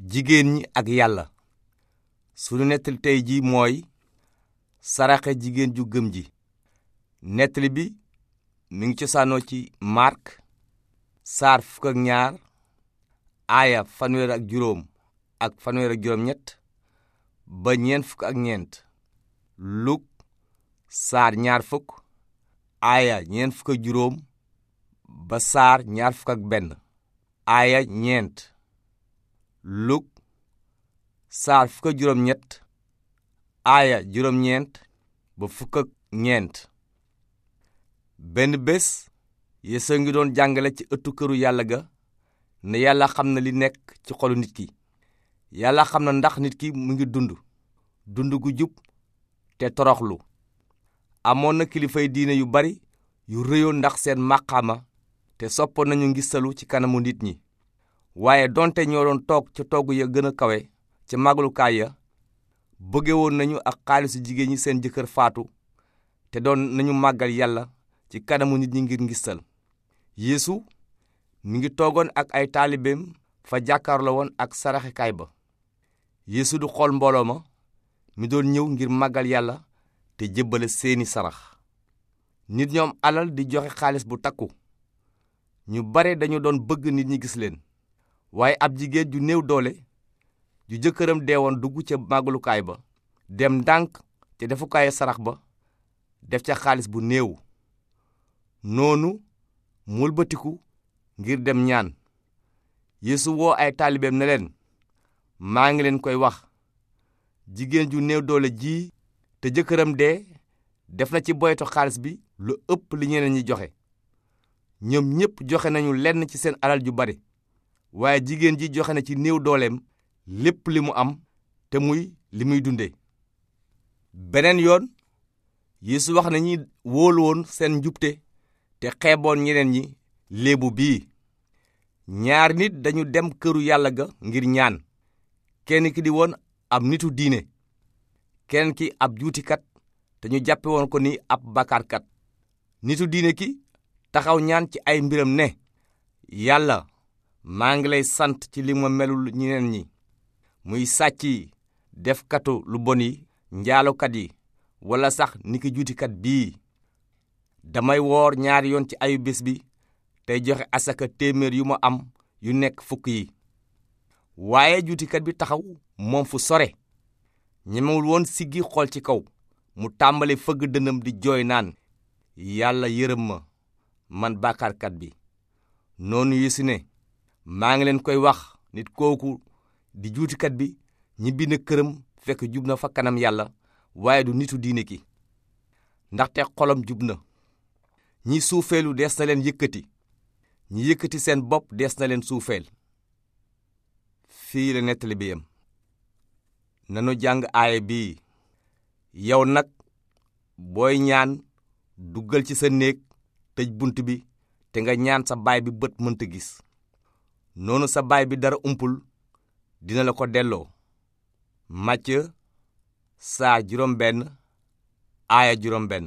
jigéen ñi ak yàlla sunu nettali tey ji mooy saraxe jigéen ju gëm ji nettali bi mi ngi cosaanoo ci Mark saar fukk ak ñaar aaya fanweer ak juróom ak fanweer ak juróom ñett ba ñeent fukk ak ñeent Luk saar ñaar fukk ak juróom ba saar ñaar fukk ak benn aaya ñeent luk saar fukk ak juróom ñett aaya juróom ñeent ba fukk ak ñeent benn bés yeesu ngi doon jàngale ci ëttu këru yàlla ga ne yàlla xam na li nekk ci xolu nit ki yàlla xam na ndax nit ki mu ngi dund dund gu jub te toroxlu amoon na kilifay diine yu bari yu rëyoon ndax seen màqaama te soppoon nañu ngi ngisalu ci kanamu nit ñi waaye donte ñoo doon toog ca toog ya gën a kawe ca màggalukaay ya bëgge woon nañu ak xaalisu jigéen ñi seen jëkkër faatu te doon nañu màggal yàlla ci kanamu nit ñi ngir ngistal yéesu mu ngi toogoon ak ay taalibeem fa jàkkaarloo woon ak saraxekaay ba yéesu du xool mbooloo ma mi doon ñëw ngir màggal yàlla te jébbale seeni sarax nit ñoom alal di joxe xaalis bu takku ñu bare dañu doon bëgg nit ñi gis leen waaye ab jigéen ju néew doole ju jëkkëram dee woon dugg ca màggalukaay ba dem ndànk ca defukaayu sarax ba def ca xaalis bu néew noonu mu wëlbatiku ngir dem ñaan Yeesu woo ay taalibeem ne leen maa ngi leen koy wax jigéen ju néew doole ji te jëkkëram dee def na ci boyatu xaalis bi lu ëpp li ñeneen ñi joxe ñoom ñépp joxe nañu lenn ci seen alal ju bari waaye jigéen ji joxe na ci néew dooleem lépp li mu am te muy li muy dunde beneen yoon Yeesu wax nañu ñi seen njubte te xeeboon ñeneen ñi léebu bii ñaari nit dañu dem këru yàlla ga ngir ñaan kenn ki di woon ab nitu diine kenn ki ab juutikat te ñu jàppe woon ko ni ab bàkkaarkat nitu diine ki taxaw ñaan ci ay mbiram ne yàlla maa ngi lay sant ci li ma melul ñeneen ñi muy sàcc defkatu lu bon yi njaalokat yi walla sax niki juutikat bii damay woor ñaari yoon ci ayu bés bi tey joxe asaka téeméer yu ma am yu nekk fukk yi waaye juutikat bi taxaw moom fu sore ñemewul woon siggi xool ci kaw mu tàmbali fëgg dënam di jooy naan yàlla yërëm ma man bàkkaarkat bi noonu Yeesu ne maa ngi leen koy wax nit kooku di juutikat bi ñibbi na këram fekk jub na fa kanam yàlla waaye du nitu diine ki ndaxte xolam jub na ñi suufeelu dees na leen yëkkati ñi yëkkati seen bopp dees na leen suufeel fii la nettali bi yem nanu jàng aaya bii yow nag booy ñaan duggal ci sa néeg tëj bunt bi te nga ñaan sa baay bi bët mënta gis noonu sa baay bi dara umpul dina la ko delloo Màcc saa juróom benn aaya juróom benn